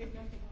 Thank you.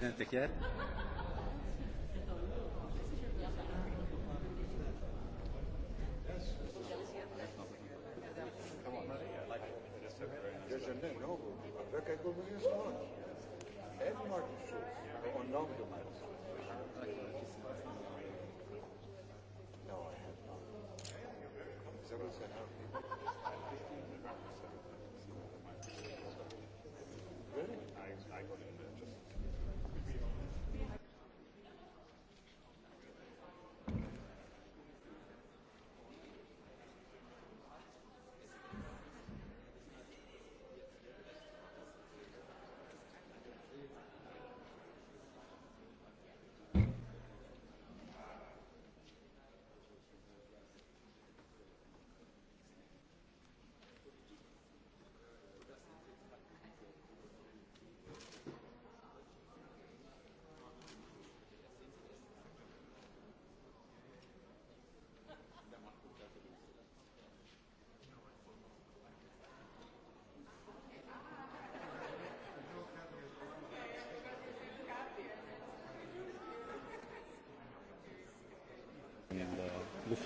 Teker. Elmarkítjuk a nomdományt. Il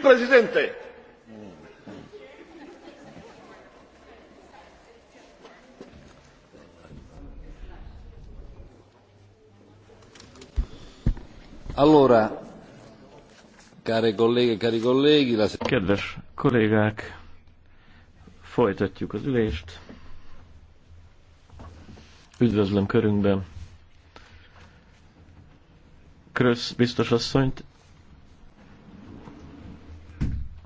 presidente. Allora, Kedves kollégák, folytatjuk az ülést. Üdvözlöm körünkben Krösz biztos asszonyt